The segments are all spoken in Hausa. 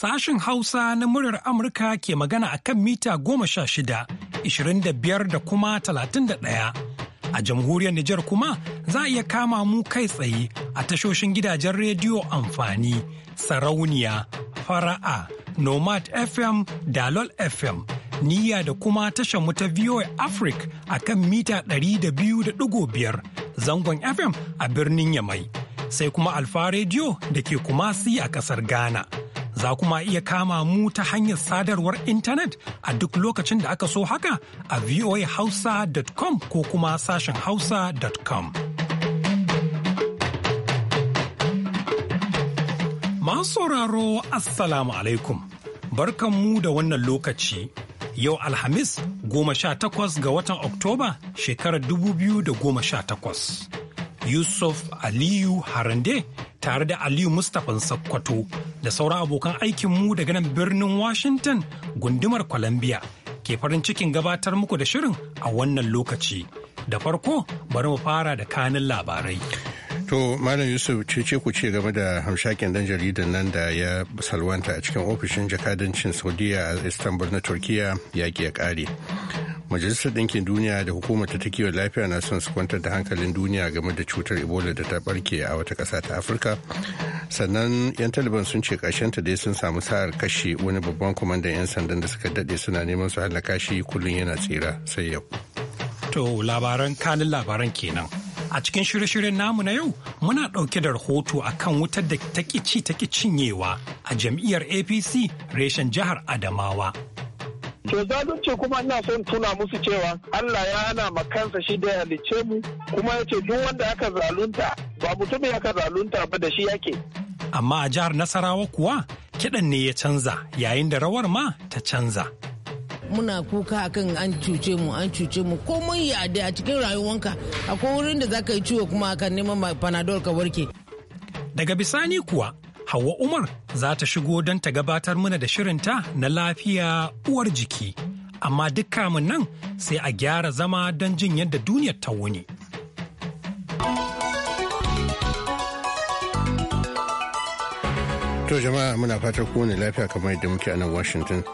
Sashen Hausa na muryar Amurka ke magana a kan mita goma sha shida, ishirin da biyar da kuma talatin da ɗaya. A jamhuriyar Nijar kuma za a iya kama mu kai tsaye a tashoshin gidajen rediyo amfani, sarauniya, fara'a, nomad FM, dalol FM, niyya da kuma tashar mu ta VOA Africa a kan mita 200.5 zangon FM a birnin Yamai. Sai kuma Alfa Radio da ke Kumasi a ƙasar Ghana. za kuma iya kama mu ta hanyar sadarwar intanet a duk lokacin da aka so haka a voahausa.com ko kuma sashen hausa.com. Masu sauraro Assalamu alaikum, barkanmu da wannan lokaci. Yau Alhamis goma sha takwas ga watan Oktoba shekarar dubu biyu da goma sha takwas. Yusuf Aliyu Harande tare da Aliyu Mustapha Sakkwato da sauran abokan aikinmu daga nan birnin Washington gundumar Columbia ke farin cikin gabatar muku da shirin a wannan lokaci. Da farko bari mu fara da kanin labarai. To Malam Yusuf ce ku ce game da hamshakin dan jaridan nan da ya salwanta a cikin ofishin jakadancin Saudiya a Istanbul na Turkiya yaƙi ya ƙare. majalisar ɗinkin duniya da hukumar ta kiwon lafiya na son su kwantar da hankalin duniya game da cutar ebola da ta barke a wata ƙasa ta afirka sannan 'yan taliban sun ce ta dai sun samu sa'ar kashe wani babban kwamandan 'yan sandan da suka daɗe suna neman su halaka shi kullum yana tsira sai yau to labaran kanin labaran kenan a cikin shirye-shiryen namu na yau muna ɗauke da rahoto a kan wutar da ta ci ta cinyewa a jam'iyyar apc reshen jihar adamawa To zalunci kuma ina son tuna musu cewa Allah ya hana ma kansa shi da halicce mu kuma ya ce duk wanda aka zalunta ba mutumin aka zalunta ba da shi yake. Amma a jihar Nasarawa kuwa kiɗan ne ya canza yayin da rawar ma ta canza. muna kuka akan an cuce mu an cuce mu mun yi adai a cikin rayuwanka akwai wurin da za ka yi ciwo kuma akan neman panadol ka warke. Daga bisani kuwa Hauwa Umar za ta shigo don ta gabatar mana da shirinta na lafiya uwar jiki. Amma duk kamun nan sai a gyara zama don jin yadda duniyar ta wuni. To jama'a muna fatar kowane lafiya kamar yadda muke a nan Washington.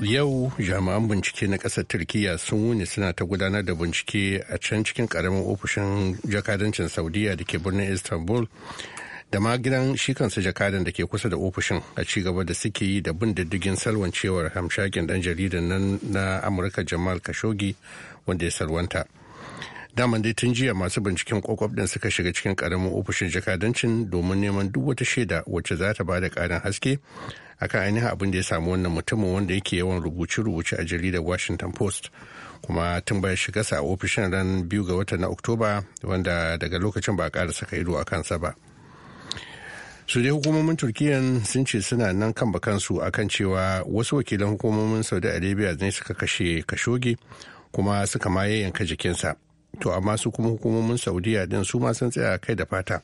yau jami'an bincike na ƙasar Turkiyya, sun wuni suna ta gudanar da bincike a can cikin ƙaramin ofishin jakadancin saudiya da ke birnin istanbul da ma gidan shi kansa jakadan da ke kusa da ofishin a ci gaba da suke yi da bin diddigin salwancewar hamshakin dan jaridan nan na amurka jamal kashogi wanda ya salwanta daman dai tun jiya masu binciken kwakwab din suka shiga cikin karamin ofishin jakadancin domin neman duk wata shaida wacce za ta bada karin haske akan ainihin abin da ya samu wannan mutumin wanda yake yawan rubuce-rubuce a jaridar washington post kuma tun bayan shiga sa ofishin ran biyu ga watan na oktoba wanda daga lokacin ba a ƙara saka ido a kansa ba su dai hukumomin turkiyan sun ce suna nan kan bakansu a kan cewa wasu wakilan hukumomin saudi arabia ne suka kashe kashoge kuma suka ma yayyanka jikinsa to amma su kuma hukumomin saudiya din su ma sun tsaya kai da fata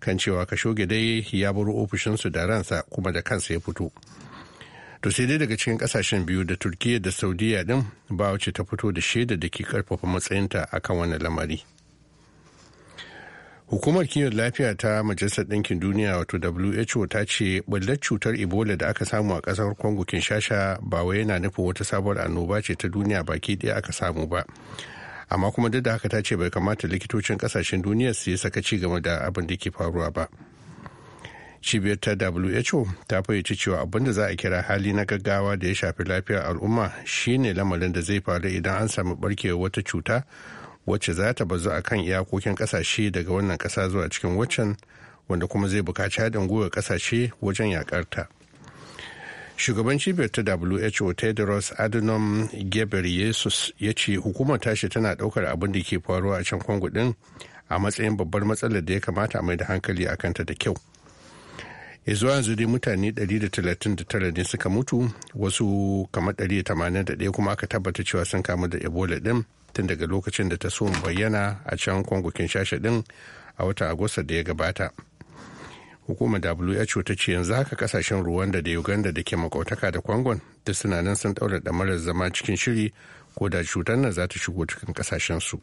kan cewa kashoge dai ya bar ofishinsu da ransa kuma da kansa ya fito to sai dai daga cikin kasashen biyu da turkiya da saudiya din ba wacce ta fito da shaida da ke karfafa matsayinta akan wani lamari hukumar kiwon lafiya ta majalisar ɗinkin duniya wato who ta ce ɓullar cutar ebola da aka samu a ƙasar congo kinshasa ba wai yana nufin wata sabuwar annoba ce ta duniya baki ɗaya aka samu ba amma kuma duk da haka ta ce bai kamata likitocin ƙasashen duniya su yi sakaci game da abin da ke faruwa ba cibiyar ta who ta fayyace cewa abin da za a kira hali na gaggawa da ya shafi lafiyar al'umma shine lamarin da zai faru idan an samu barkewar wata cuta wacce za ta bazu a kan iyakokin ƙasashe daga wannan ƙasa zuwa cikin waccan wanda kuma zai bukaci haɗin gwiwa ƙasashe wajen yaƙarta. shugaban cibiyar ta who tedros adhanom ghebreyesus ya ce hukumar tashi tana ɗaukar abin da ke faruwa a can kwango ɗin a matsayin babbar matsalar da ya kamata a mai da hankali a kanta da kyau ya zuwa yanzu dai mutane 139 ne suka mutu wasu kamar 181 kuma aka tabbata cewa sun kamu da ebola ɗin tun daga lokacin da ta so bayyana a can kongo kinshasa din a watan agusta da ya gabata hukumar who ta ce yanzu haka kasashen rwanda da uganda da ke makautaka da kwangon duk suna nan sun ɗaura ɗamarar zama cikin shiri ko da cutar nan za ta shigo cikin kasashensu. su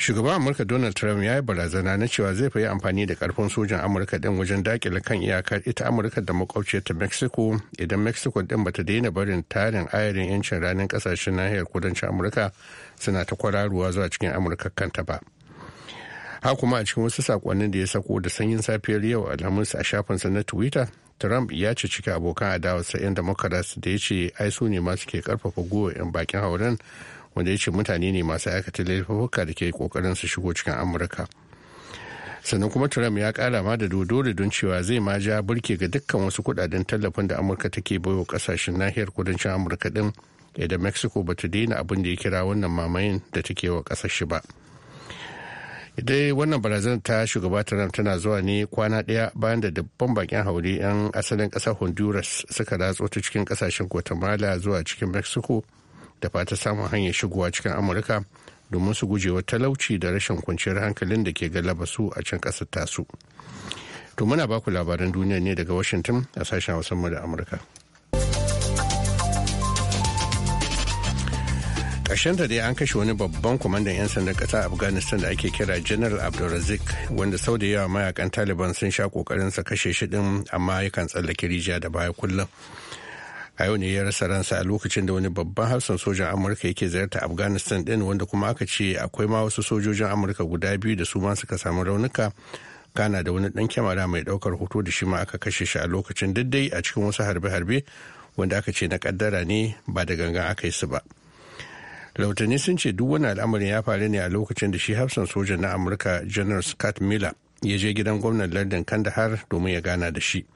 shugaban amurka donald trump ya yi barazana na cewa zai fi amfani da karfin sojan amurka din wajen dakile kan iyakar ita amurka da makwabciyarta ta mexico idan mexico din bata daina barin tarin ayarin yancin ranar kasashen nahiyar kudancin amurka suna ta kwararuwa zuwa cikin amurka kanta ba ha kuma a cikin wasu sakonnin da ya sako da sanyin safiyar yau alhamis a shafinsa na twitter trump ya ci cika abokan adawarsa 'yan democrats da ya ce ai su ne masu ke karfafa gwiwa 'yan bakin hauren wanda ya ce mutane ne masu aikata laifuka da ke kokarin su shigo cikin amurka sannan kuma trump ya kara ma da da don cewa zai ma ja burke ga dukkan wasu kudaden tallafin da amurka take baiwa kasashen nahiyar kudancin amurka din idan mexico ba ta daina abin da ya kira wannan mamayin da take wa kasashe ba dai wannan barazanar ta shugaba trump tana zuwa ne kwana daya bayan da dabban bakin haure 'yan asalin ƙasar honduras suka ratso ta cikin kasashen guatemala zuwa cikin mexico da fata samun hanyar shigowa cikin amurka domin su gujewa talauci da rashin kwanciyar hankalin da ke galaba su a can kasar tasu to muna baku labaran duniya ne daga washington a sashen hausa da amurka da dai an kashe wani babban kwamandan 'yan sandan ƙasa afghanistan da ake kira general abdulrazik wanda sau da yawa mayakan taliban sun sha kokarin sa kashe shi din amma yakan tsallake rijiya da baya kullum a yau ne ya rasa ransa a lokacin da wani babban hafsan sojan amurka yake ziyarta afghanistan din wanda kuma aka ce akwai ma wasu sojojin amurka guda biyu da su ma suka samu raunuka kana da wani dan kyamara mai daukar hoto da shi ma aka kashe shi a lokacin daidai a cikin wasu harbe-harbe wanda aka ce na kaddara ne ba da gangan aka yi su ba lautani sun ce duk wani al'amarin ya faru ne a lokacin da shi hafsan sojan na amurka general scott miller ya je gidan gwamnan lardin kandahar domin ya gana da shi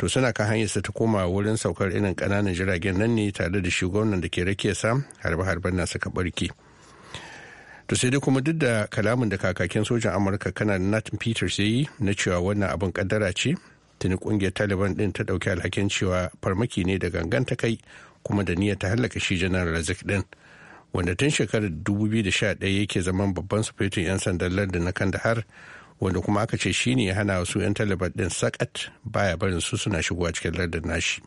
to suna kan hanyar su ta koma wurin saukar irin kananan jiragen nan ne tare da shi gwamnan da ke rake sa harba harben na suka barke to sai dai kuma duk da kalamin da kakakin sojan amurka kana nat peters ya yi na cewa wannan abin kaddara ce tuni kungiyar taliban din ta dauki alhakin cewa farmaki ne da gangan ta kai kuma da niyyar ta hallaka shi janar razik din wanda tun shekarar 2011 yake zaman babban sufetin 'yan sandan lardin na kandahar wanda kuma aka ce shine ya hana wasu 'yan talibar din sakat baya barin su suna shigowa cikin lardin nashi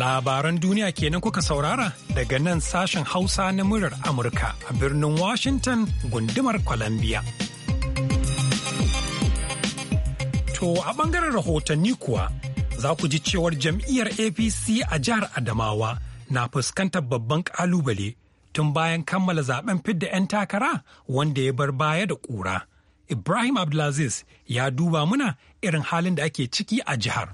labaran duniya kenan kuka saurara daga nan sashen hausa na murar amurka a birnin washington gundumar columbia to a bangaren rahotanni kuwa za ku ji cewar jam'iyyar apc a jihar adamawa na fuskantar babban kalubale tun bayan kammala zaben fidda 'yan takara wanda ya bar baya da ƙura. Ibrahim Abdulaziz ya duba muna irin halin da ake ciki a jihar.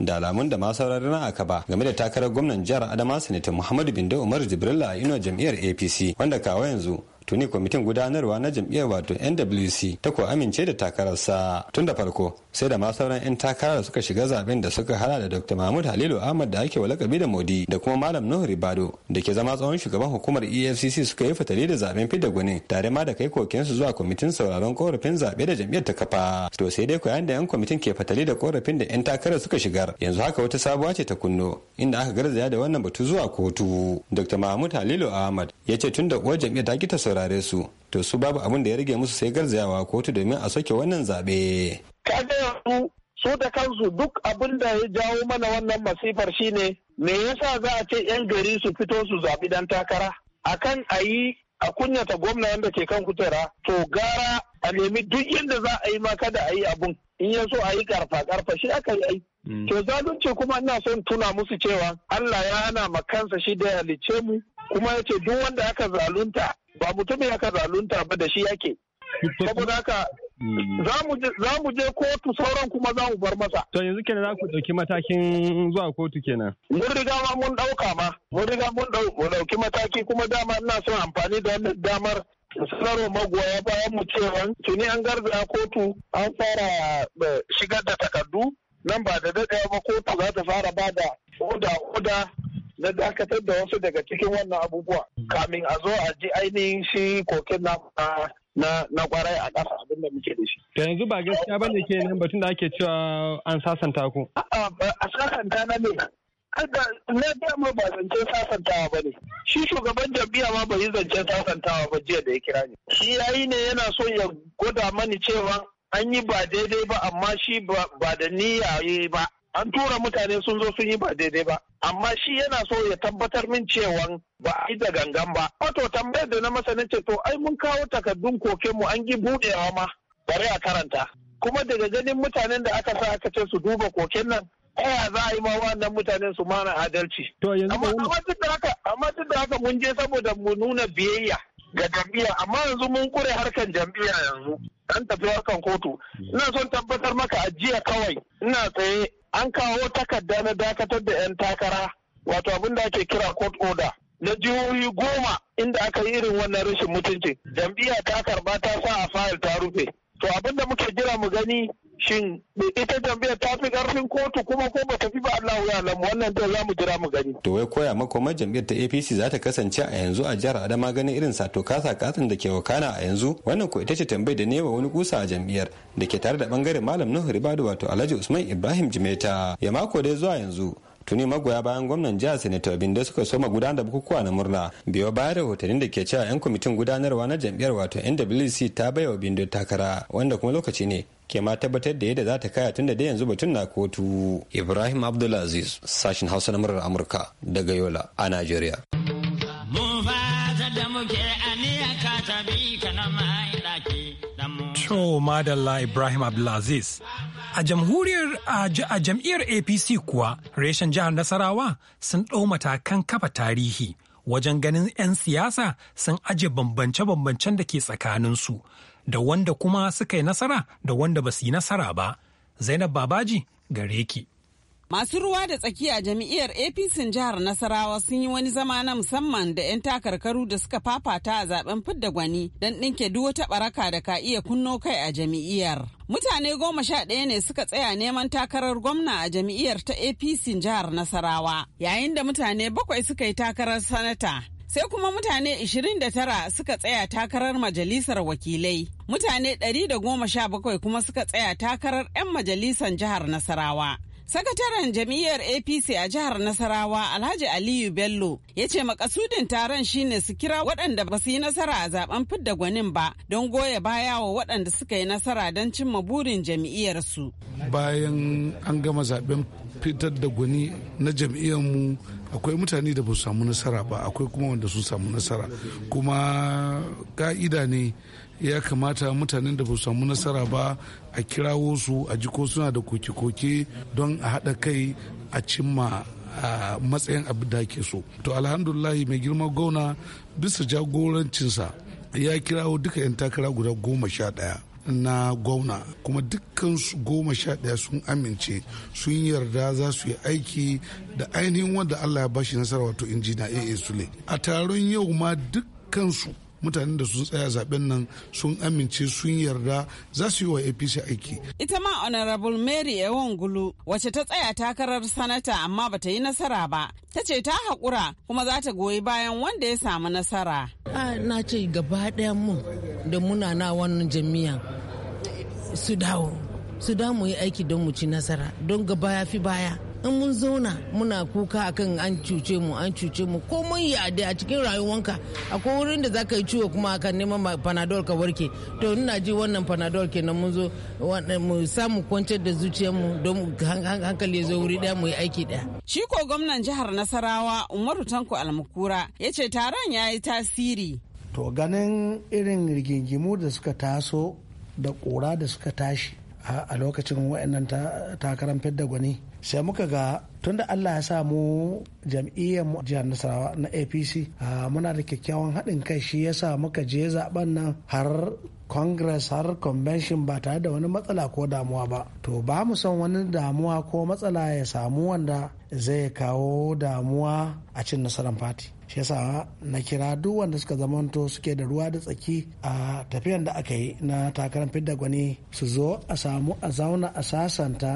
da alamun da masu na aka ba game da takarar gwamnan jihar adama sanitin muhammadu bindo umar Jibrilla, a inuwa jam'iyyar apc wanda kawo yanzu tuni kwamitin gudanarwa na jam'iyyar wato nwc ta ko amince da takararsa tun da farko sai da ma sauran 'yan takara da suka shiga zaben da suka hada da dr mahmud halilu ahmad da ake walakabi da modi da kuma malam nuhu ribado da ke zama tsawon shugaban hukumar efcc suka yi fatali da zaben fidda gwani tare ma da kai kokensu zuwa kwamitin sauraron korafin zabe da jam'iyyar ta kafa to sai dai koyan da 'yan kwamitin ke fatali da korafin da 'yan takara suka shigar yanzu haka wata sabuwa ce ta kunno inda aka garzaya da wannan batu zuwa kotu dr mahmud halilu ahmad ya ce tun da uwar jam'iyyar ta ki ta saurare su to su babu abin da ya rage musu sai garzayawa kotu domin a soke wannan zabe kaga yanzu su da kansu duk abin da ya jawo mana wannan masifar shine me yasa za a ce 'yan gari su fito su zaɓi dan takara akan a yi a kunyata gwamna wanda ke kan kutura. to gara a nemi duk yadda za a yi ma kada a yi abun in ya so a yi karfa karfa shi aka yi ai mm. to zalunci kuma ina son tuna musu cewa Allah ya hana ma kansa shi da halice mu kuma ya ce duk wanda aka zalunta ba mutumin aka zalunta ba da shi yake saboda haka Mm. Za mu je kotu sauran kuma za mu bar masa. To yanzu kenan za ku ɗauki matakin zuwa kotu kenan. Mun riga ma mun ɗauka ma. Mun riga mun ɗauki mataki kuma dama ina son amfani da wannan damar sanarwa magoya bayan mu cewa tuni an garzaya kotu an fara eh, shigar da takardu nan ba da daɗe ba kotu za ta fara ba da oda-oda na dakatar da wasu daga cikin wannan abubuwa kamin a zo a ji ainihin shi kokin na na na kwarai a ƙasa abin da muke da shi. Da Yanzu ba gaskiya ba ne ke nan batun da ake cewa an sasanta ku. A sasanta na ne. Na ma ba zancen sasantawa ba ne. Shi shugaban jam'iyya ma bai yi zancen sasantawa ba jiya da ya kira ni. Shi yi ne yana so ya gwada mani cewa an yi ba daidai ba amma shi ba da niyya yi ba. an tura mutane sun zo sun yi ba daidai ba amma shi yana so ya tabbatar min cewa ba a yi da gangan ba wato tambayar da na masanin ce to ai mun kawo takardun mu an gi buɗewa ma Bari a karanta kuma daga ganin mutanen da aka sa aka ce su duba koken nan ta za a yi ma wannan mutanen su mana adalci amma duk da haka amma duk da haka mun je saboda mu nuna biyayya ga jam'iyya amma yanzu mun kure harkan jam'iyya yanzu an tafi harkan kotu ina son tabbatar maka ajiya kawai ina tsaye an kawo takarda na dakatar da 'yan takara wato abin da ake kira court order na jihohi goma inda aka yi irin wannan rashin mutunci jam'iyya ta karba ta sa a fayil ta rufe to abin da muke jira mu gani shin ita jami'a ta fi karfin kotu kuma ko ba ta fi ba Allahu ya lamu wannan to za mu jira mu gani. To wai koya makomar jam'iyyar ta APC za ta kasance a yanzu a jihar Adama ganin irin sato kasa katsin da ke wakana a yanzu wannan ko ita ce tambayar da ne wa wani kusa a jam'iyyar da ke tare da bangaren Malam Nuhu Ribadu wato Alhaji Usman Ibrahim Jimeta. Ya mako dai zuwa yanzu tuni magoya bayan gwamnan jihar senator bindo suka soma gudanar da bukukuwa na murna biyo baya hotunin da ke cewa yan kwamitin gudanarwa na jam'iyyar wato nwc ta baiwa bindo takara wanda kuma lokaci ne ke ma tabbatar da yadda za ta kaya tun da dai yanzu batun na kotu ibrahim abdulaziz sashen hausa na murar amurka daga yola a najeriya To Madalla Ibrahim Abdulaziz. A jamhuriyar a jam'iyyar APC kuwa reshen jihar Nasarawa sun ɗau matakan kafa tarihi wajen ganin 'yan siyasa sun aje bambance-bambancen da ke tsakaninsu da wanda kuma suka yi nasara da wanda ba su yi nasara ba. Zainab Babaji gare ki. Masu ruwa da a jam'iyyar APC jihar Nasarawa sun yi wani zama na musamman da 'yan takarkaru da suka fafata a zaben fidda gwani don ɗinke duk wata ɓaraka da ka iya kunno kai a jam'iyyar. Mutane goma sha ɗaya ne suka tsaya neman takarar gwamna a jam'iyyar ta APC jihar Nasarawa, yayin da mutane bakwai suka yi takarar sanata sai kuma mutane 29 suka tsaya takarar majalisar wakilai mutane 117 kuma suka tsaya takarar 'yan majalisar jihar nasarawa sakataren jam'iyyar apc a jihar nasarawa alhaji aliyu bello ya ce makasudin taron shine su kira waɗanda ba su yi nasara a zaben fidda gwanin ba don goya baya wa waɗanda suka yi nasara don cimma burin jam'iyyarsu bayan an gama zaben fitar da gwani na mu. akwai mutane da ba su samu nasara ba akwai kuma wanda sun samu nasara kuma ka'ida ne ya kamata mutanen da ba su samu nasara ba a kirawo su a ji ko suna da koke-koke don a haɗa kai a cimma a matsayin abin da ke so to alhamdulahi mai girma gauna bisa jagorancinsa ya kirawo duka 'yan takara guda goma sha ɗaya na gwamna kuma dukkan su goma sha ɗaya sun amince sun yarda za su yi aiki da ainihin wanda allah ya bashi nasara wato injina a sule a taron yau ma dukkan su. mutanen da sun tsaya zaben nan sun amince sun yarda za su yi wa apc aiki ita ma honorable mary gulu wacce ta tsaya takarar sanata amma ba ta yi nasara ba ta ce ta haƙura kuma za ta goyi bayan wanda ya samu nasara na ce gaba ɗaya mu da muna na wannan jami'a su dawo su da mu yi aiki don mu ci nasara don gaba ya fi baya in mun zauna muna kuka akan an cuce mu an cuce mu ko mun yi a cikin rayuwanka akwai wurin da zaka yi ciwo kuma akan neman panadol ka warke to ina ji wannan panadol kenan mun zo mu samu kwantar da mu don hankali ya zo wuri daya mu yi aiki daya shi ko gwamnan jihar nasarawa umaru tanko almakura ya ce taron ya yi tasiri to ganin irin rigingimu da suka taso da kura da suka tashi a lokacin waɗannan takarar fidda gwani sai muka ga tunda Allah ya sa samu jam'iyyar jihar Nasarawa na APC muna da kyakkyawan haɗin kai shi ya sa muka je zaben nan har congress har convention ba tare da wani matsala ko damuwa ba to ba mu son wani damuwa ko matsala ya samu wanda zai kawo damuwa a cin nasarar fati shi yasa na kira duk wanda suka zamanto suke da ruwa da tsaki a tafiyan da aka yi na takarar fidda gwani su zo a samu a zauna a sasanta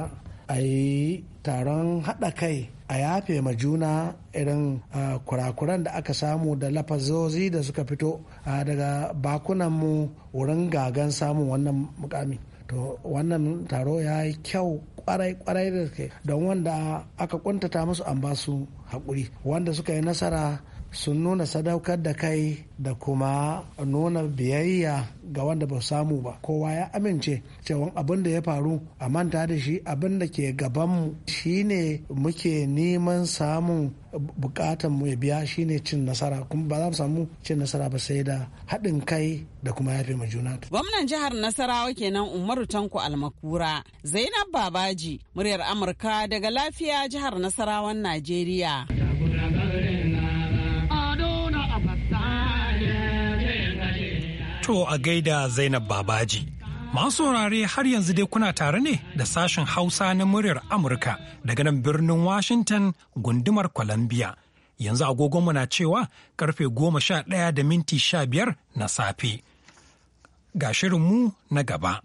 a yi taron haɗa kai a yafe ma juna irin uh, kurakuran da aka samu da lafazozi da suka fito uh, daga bakunanmu wurin gagan samun wannan mukami to wannan taro ya yi kyau kwarai-kwarai da ke don wanda aka kuntata musu an ba su haƙuri wanda suka yi nasara sun nuna sadaukar da kai da kuma nuna biyayya ga wanda ba samu ba kowa ya amince cewa abin da ya faru a manta da shi abin da ke gabanmu shine muke neman samun bukatan mu ya biya shine cin nasara kuma ba za mu samu cin nasara ba sai da haɗin kai da kuma yafe mu juna. Gwamnan jihar Nasarawa kenan Umaru Tanko Almakura, Zainab Babaji, muryar Amurka daga lafiya jihar Nasarawan Najeriya. To a gaida Zainab Babaji. Masu saurare har yanzu dai kuna tare ne da sashen Hausa na muryar Amurka daga nan birnin Washington gundumar Columbia. Yanzu agogonmu na cewa karfe goma sha ɗaya da minti sha biyar na safe. Ga shirinmu na gaba.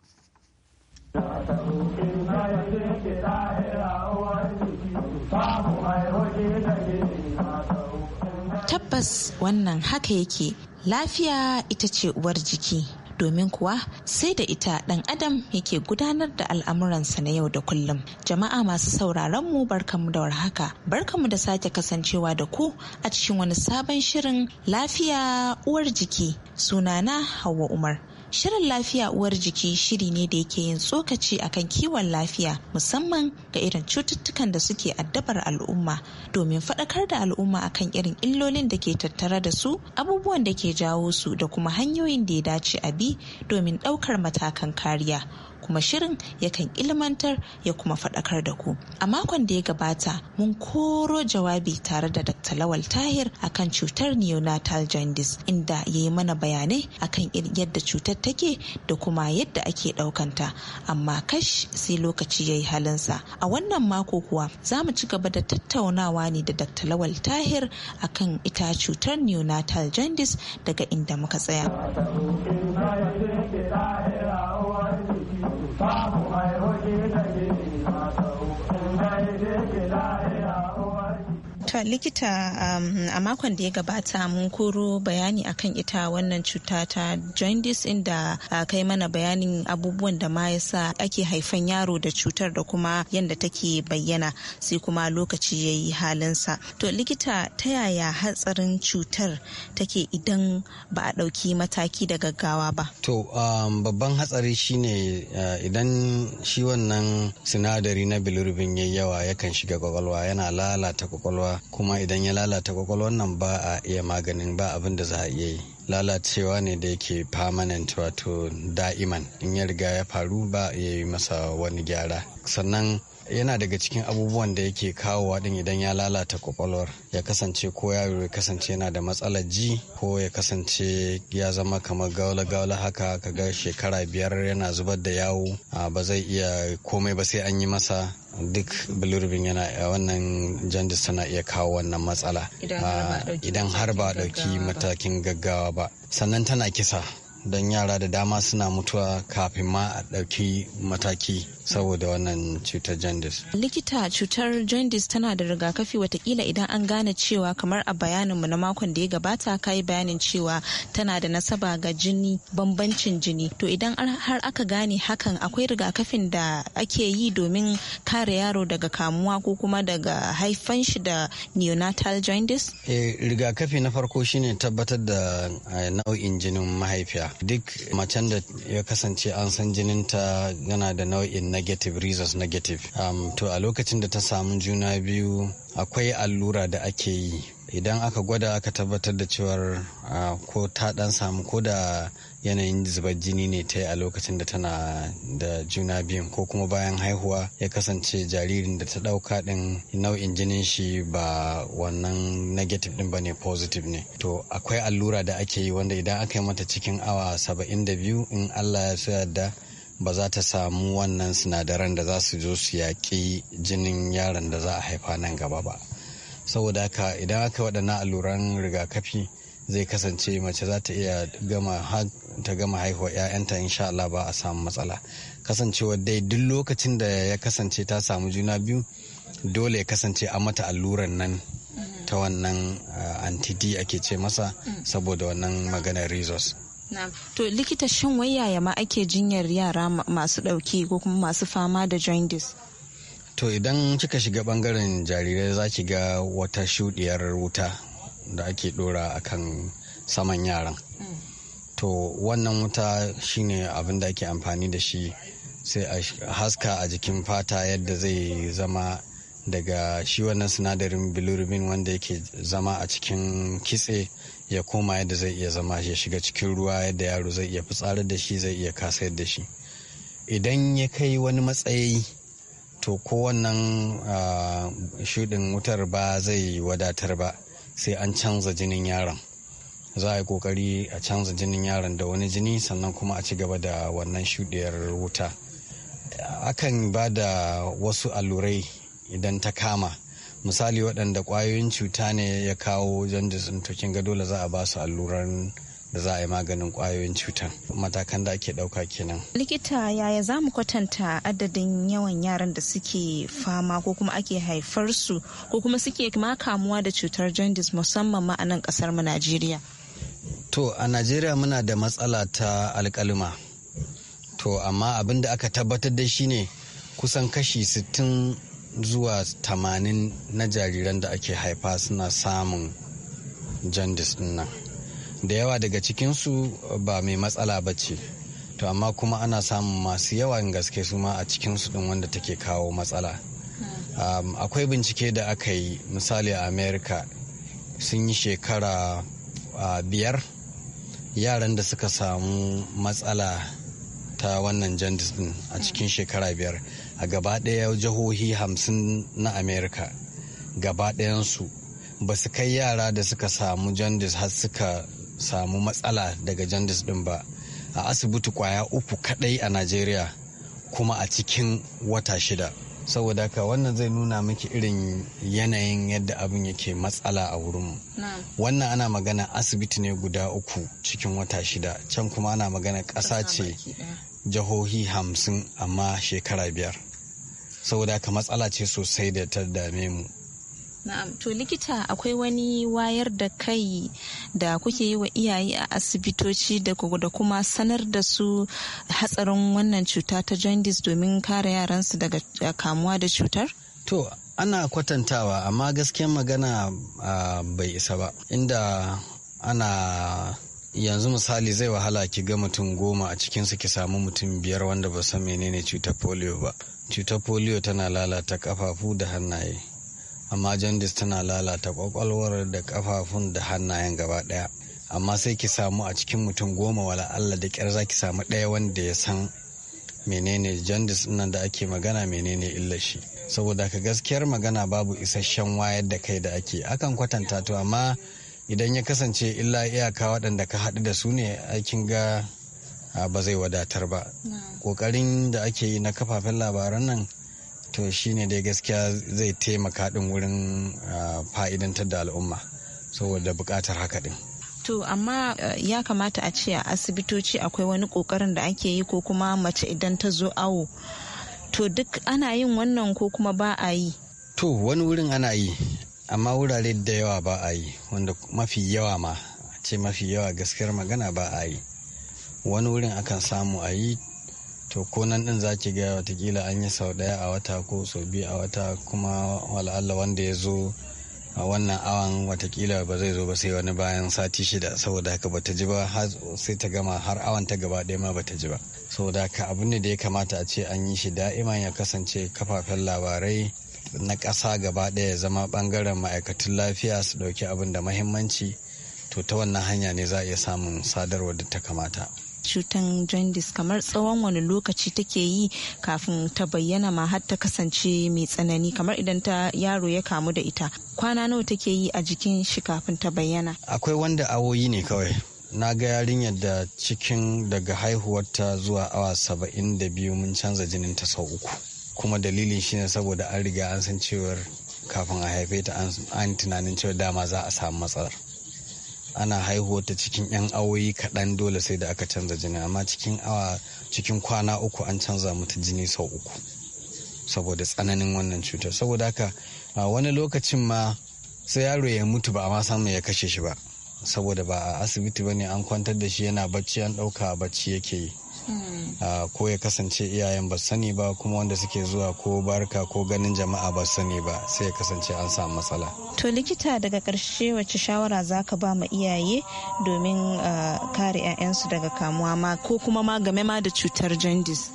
Tabbas wannan haka yake lafiya ita ce uwar jiki domin kuwa sai da ita ɗan adam yake gudanar da al'amuransa na yau da kullum jama'a masu sauraron mu barkamu da warhaka barkamu da sake kasancewa da ku a cikin wani sabon shirin lafiya uwar jiki sunana hawa umar Shirin lafiya uwar jiki shiri ne da yake yin tsokaci akan kiwon lafiya musamman ga irin cututtukan da suke addabar al'umma domin faɗakar da al'umma akan irin illolin da ke tattara da su abubuwan da ke jawo su da kuma hanyoyin da ya dace a bi domin ɗaukar matakan kariya. kuma shirin yakan ilmantar ya kuma faɗakar da ku. A makon da ya gabata mun koro jawabi tare da Dr. Lawal Tahir akan cutar neonatal jaundice inda ya yi mana bayanai akan yadda cutar take da kuma yadda ake ɗaukanta amma kash sai lokaci ya yi halinsa. A wannan mako kuwa za mu ci gaba da tattaunawa ne da Dr. Lawal Tahir akan ita cutar neonatal jaundice daga inda muka tsaya. babu mai hoji da ke kasau, in dai ke lahiya uwarki. likita um, a makon da ya gabata mun koro bayani akan ita wannan cuta ta jaundice inda uh, kai mana bayanin abubuwan da ma yasa ake haifan yaro da cutar da kuma yadda take bayyana sai kuma lokaci ya yi halinsa. To likita ta yaya hatsarin cutar take idan ba a ɗauki mataki da gaggawa ba? To um, babban hatsari shine uh, idan shi wannan sinadari na bilirubin yayi yawa yakan shiga kwakwalwa yana lalata kwakwalwa kuma idan ya lalata kwakwalwar nan ba a iya maganin ba abin da za a iya yi lalacewa ne da yake permanent wato da'iman in ya riga ya faru ba a yi masa wani gyara sannan yana daga cikin abubuwan da yake kawowa din idan ya lalata kwakwalwar ya kasance ko yaro ya kasance yana da matsalar ji ko ya kasance ya zama kamar gaula-gaula haka kaga shekara biyar yana zubar da yawo ba zai iya komai ba sai an yi masa duk bilirubin yana wannan jandis tana iya kawo wannan matsala idan ah, har ba dauki matakin gaggawa ba sannan tana kisa don yara da dama suna mutuwa kafin ma a dauki mataki saboda wannan cutar jaundice. Likita cutar jaundice tana da rigakafi watakila idan an gane cewa kamar a bayaninmu na makon da ya gabata ka yi bayanin cewa tana da nasaba ga jini bambancin jini to idan har aka gane hakan akwai rigakafin da ake yi domin kare yaro daga kamuwa ko kuma daga haifan shi da neonatal jaundice? Eh, rigakafi na farko shine tabbatar da eh, nau'in jinin mahaifiya duk macen da ya kasance an san jininta yana da nau'in negative rhesus negative um, to a lokacin da ta samu juna biyu akwai allura da ake yi idan aka gwada aka tabbatar da cewar ko ta dan samu ko da yanayin zubar jini ne ta a lokacin da tana da juna biyun ko kuma bayan haihuwa ya kasance jaririn da ta dauka din nau'in jinin shi ba wannan negative din ba ne positive ne to akwai allura da ake yi wanda idan aka yi mata cikin awa 72 in allah ya so yadda ba za ta samu wannan sinadaran da za su zo su yaƙi jinin yaron da za a haifa nan gaba ba saboda haka idan aka waɗanna alluran rigakafi zai kasance mace za ta iya gama ta gama haihuwa 'ya'yanta insha Allah ba a samu matsala kasancewa dai duk lokacin da ya kasance ta samu juna biyu dole ya kasance a mata alluran nan ta wannan eh, antidi ake ce masa saboda wannan maganar resource To likita shin wai yaya ma ake jinyar yara masu ɗauki ko kuma masu fama da jaundice? To idan kika shiga bangaren jarirai za ki ga wata shuɗiyar wuta da ake ɗora a kan saman yaran. To wannan wuta shine abin da ake amfani da shi sai a haska a jikin fata yadda zai zama daga shi wannan sinadarin bilirubin wanda yake zama a cikin kitse ya koma yadda zai iya zama ya shiga cikin ruwa yadda yaro zai iya fitsarar da shi zai iya kasayar da shi idan ya kai wani matsayi to ko wannan shuɗin wutar ba zai wadatar ba sai an canza jinin yaron za a yi kokari a canza jinin yaron da wani jini sannan kuma a ci gaba da wannan shuɗiyar wuta akan ba da wasu allurai idan ta kama misali waɗanda ƙwayoyin cuta ne ya kawo jaundice to kin ga dole za a ba su alluran da za a yi maganin ƙwayoyin cutan matakan da ake ɗauka kenan. likita yaya za mu kwatanta adadin yawan yaran da suke fama ko kuma ake haifar su ko kuma suke ma kamuwa da cutar jandis musamman ma a nan kasar mu najeriya to a najeriya muna da matsala ta alƙaluma to amma abin da aka tabbatar da shi ne kusan kashi sittin zuwa tamanin na jariran da ake haifa suna samun jandis nan da yawa daga cikinsu ba mai matsala ba ce to amma kuma ana samun masu yawan gaske su ma a cikinsu din wanda take kawo matsala um, akwai bincike da aka yi misali a Amerika sun yi shekara uh, biyar yaran da suka samu matsala ta wannan jandis din a cikin shekara biyar a gaba ɗaya jihohi hamsin na amerika gaba ɗayansu ba su kai yara da suka samu jandis har suka samu matsala daga jandis din ba a asibiti kwaya uku kadai a najeriya kuma a cikin wata shida saboda haka wannan zai nuna miki irin yanayin yadda abin yake matsala a wurinmu wannan ana magana asibiti ne guda uku cikin wata shida can kuma ana magana ƙasa ce jihohi hamsin amma shekara biyar saboda ka matsala ce sosai da ta dame mu Na'am, to likita akwai wani wayar da kai da kuke yi wa iyaye a asibitoci da kuma sanar da su hatsarin wannan cuta ta jaundice domin kare yaransu daga kamuwa da cutar? To, ana kwatantawa amma gaskiyar magana ah, bai isa ba, inda ana yanzu misali zai wahala ki ga mutum goma a cikinsu ki samu mutum biyar wanda ba san menene cutar polio ba cutar polio tana lalata kafafu da hannaye amma jaundice tana lalata kwakwalwar da kafafun da hannayen gaba daya amma sai ki samu a cikin mutum goma wala allah da kyar zaki samu ɗaya wanda ya san menene jandis nan da ake magana menene illa shi saboda ka gaskiyar magana babu isasshen wayar da kai da ake akan kwatanta to amma idan ya kasance illa iyaka waɗanda ka haɗu da su ne aikin ga ba zai wadatar ba ƙoƙarin da ake yi na kafafen labaran nan to shine dai gaskiya zai taimaka ɗin wurin fa'idantar da al'umma saboda buƙatar haka ɗin. To amma e, ya kamata a ce a asibitoci akwai wani ƙoƙarin da ake yi ko kuma mace idan ta zo awo. To duk ana yin wannan ko kuma ba a yi? To wani wurin ana yi amma wurare da yawa ba a yi wanda mafi yawa ma ce mafi yawa gaskiyar magana ba a yi wani wurin akan samu a yi to ko nan din za ki ga watakila an yi sau daya a wata ko sau biyu a wata kuma wala'alla wanda ya zo a wannan awan watakila ba zai zo ba sai wani bayan sati shida saboda haka bata ji ba sai ta gama har awan ta gaba ɗaya ma bata ji ba saboda haka abin da ya kamata a ce an yi shi da'iman ya kasance kafafen labarai na ƙasa gaba ɗaya ya zama ɓangaren ma'aikatan lafiya su ɗauki abin da mahimmanci to ta wannan hanya ne za a iya samun sadarwa da ta kamata. cutan jaundice kamar tsawon wani lokaci take yi kafin ta bayyana ma har ta kasance mai tsanani kamar idan ta yaro ya kamu da ita kwana nawa take yi a jikin shi kafin ta bayyana akwai wanda awoyi ne kawai na ga yarinyar da cikin daga haihuwarta zuwa awa saba'in da biyu mun canza jinin ta sau uku kuma dalilin shine saboda an riga an san cewar kafin a haife ta an tunanin cewa dama za a samu matsalar ana haihuwa ta cikin 'yan awoyi kaɗan dole sai da aka canza jini amma cikin kwana uku an canza mata jini sau uku saboda tsananin wannan cutar saboda haka wani lokacin ma sai yaro ya mutu ba a ma mai ya kashe shi ba saboda ba a asibiti ba ne an kwantar da shi yana bacci an ɗauka bacci yake yi hmm. ko ya kasance iyayen ba sani ba kuma wanda suke zuwa ko barka ko ganin jama'a ba sani ba sai ya kasance an samu matsala to likita daga karshe wacce shawara za ka ba ma iyaye domin kare 'ya'yansu daga kamuwa ma ko kuma ma game ma da cutar jandis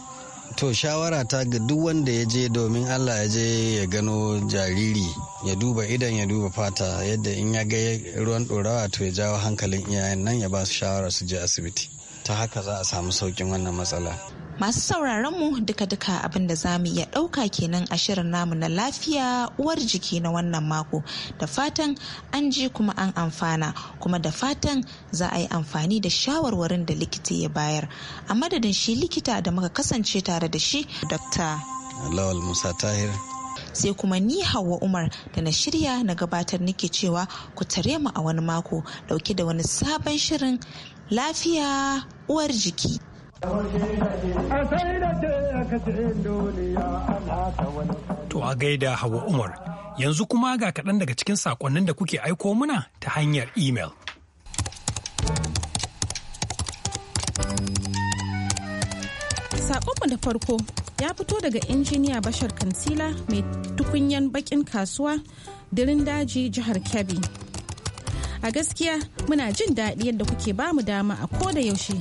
To shawara ta ga duk wanda ya je domin Allah ya je ya gano jariri ya duba idan ya duba fata yadda in ya ga ruwan ɗorawa to ya jawo hankalin iyayen nan ya ba su shawara su je asibiti. Ta haka za a samu saukin wannan matsala. masu sauraron mu duka-duka abin da za mu iya ɗauka kenan a shirin namu na lafiya uwar jiki na wannan mako da fatan an ji kuma an amfana kuma da fatan za a yi amfani da shawarwarin da likita ya bayar a madadin shi likita da muka kasance tare da shi dr musa tahir sai kuma ni hawa umar da na shirya na gabatar nake cewa ku tare mu a wani mako dauke da wani sabon shirin lafiya uwar jiki To a gaida Hawa Umar, yanzu kuma ga kaɗan daga cikin saƙonnin da kuke aiko muna ta hanyar imel. Saƙonmu da farko ya fito daga injiniya Bashar Kansila mai tukunyan bakin kasuwa dirin daji jihar Kebbi. A gaskiya muna jin daɗi yadda kuke bamu dama a koda yaushe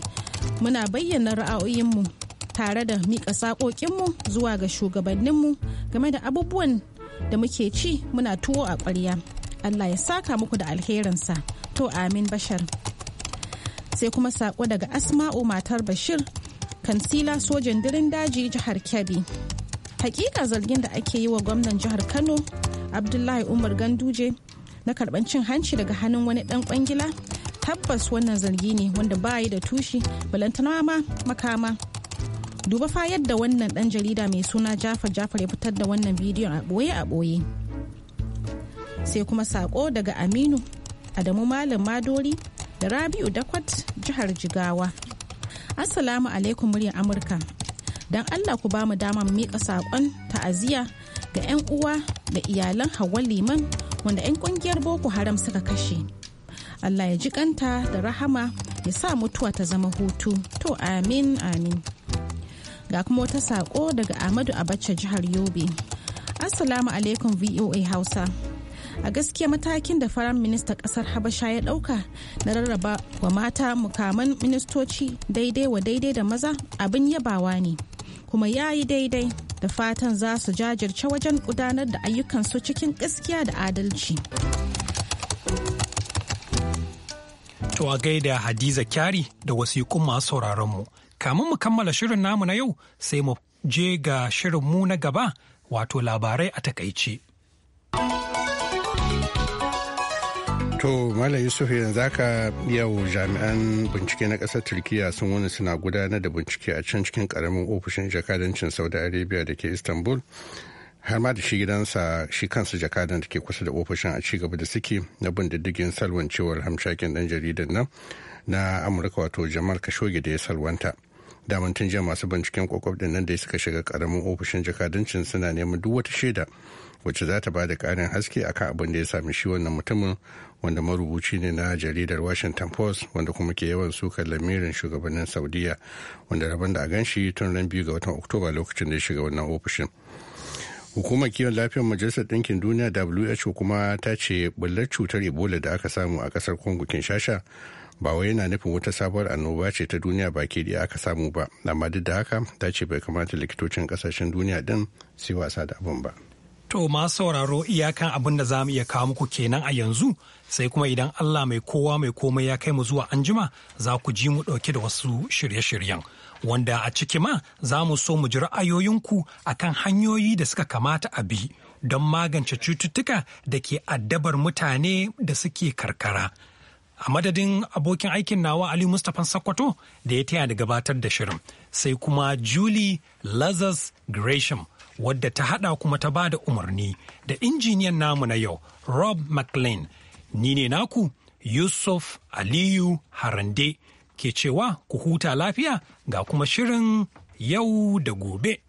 muna bayyana ra'ayoyinmu tare da miƙa saƙoƙinmu zuwa ga shugabanninmu game da abubuwan da muke ci muna tuwo a ƙwarya allah ya saka muku da alherinsa to amin bashar sai kuma saƙo daga asma'u matar bashir kansila sojan dirin daji jihar kebbi hakika zargin da ake yi wa gwamnan jihar kano abdullahi umar ganduje na karban cin hanci daga hannun wani ɗan ƙwangila. tabbas wannan zargi ne wanda ba yi da tushi balantana ma makama duba fa yadda wannan dan jarida mai suna jafar jafar ya fitar da wannan bidiyon a boye a boye sai kuma sako daga aminu adamu malam madori da rabiu dakwat jihar jigawa assalamu alaikum muryar amurka don allah ku ba mu dama miƙa saƙon ta'aziyya ga 'yan uwa da iyalan hawa liman wanda 'yan ƙungiyar boko haram suka kashe Allah ya ji kanta da rahama ya sa mutuwa ta zama hutu to amin amin ga kuma wata saƙo daga Ahmadu Abacha jihar Yobe Assalamu alaikum VOA Hausa a gaskiya matakin da faran minista ƙasar habasha ya ɗauka na rarraba wa mata mukaman ministoci daidai wa daidai da maza abin yabawa ne kuma ya yi daidai da fatan za su jajirce wajen gudanar da ayyukansu cikin gaskiya da adalci. To a gaida Hadiza Kyari da wasiƙun masu sauraronmu. Kamun mu kammala shirin namu na yau sai mu je ga shirin mu na gaba wato labarai a takaice. To Malam Yusuf yanzu haka yau jami'an bincike na ƙasar turkiyya sun wani suna gudanar da bincike a can cikin ƙaramin ofishin jakadancin Saudi Arabia da ke Istanbul har ma da shi gidansa shi kansa jakadan da ke kusa da ofishin a cigaba da suke na bin diddigin salwancewar hamshakin dan jaridan nan na amurka wato jamal kashoge da ya salwanta daman tun jiya masu binciken kwakwaf din nan da suka shiga karamin ofishin jakadancin suna neman duk wata shaida wacce za ta da karin haske akan abin da ya sami shi wannan mutumin wanda marubuci ne na jaridar washington post wanda kuma ke yawan sukar lamirin shugabannin saudiya wanda rabon da a ganshi tun ran biyu ga watan oktoba lokacin da ya shiga wannan ofishin hukumar kiwon lafiyar majalisar ɗinkin duniya who kuma ta ce bullar cutar ebola da aka samu a ƙasar congo kinshasa ba wai yana nufin wata sabuwar annoba ce ta duniya ba ke da aka samu ba amma duk da haka ta ce bai kamata likitocin ƙasashen duniya din su wasa da abin ba. To masu sauraro iyakan abin da za mu iya kawo muku kenan a yanzu sai kuma idan Allah mai kowa mai komai ya kai mu zuwa anjima za ku ji mu ɗauke da wasu shirye-shiryen. Wanda a ciki ma za mu so mu ji ra'ayoyinku kan hanyoyi da suka kamata a bi don magance cututtuka da ke addabar mutane da suke karkara. a madadin abokin aikin nawa Ali Mustapha Sakwato da ya taya da gabatar da shirin sai kuma Julie Lazarus Gresham wadda ta hada kuma ta bada umarni da injiniyan namu na yau Rob McLean. Ni ne naku Yusuf Aliyu Harande ke cewa ku huta lafiya ga kuma shirin yau da gobe.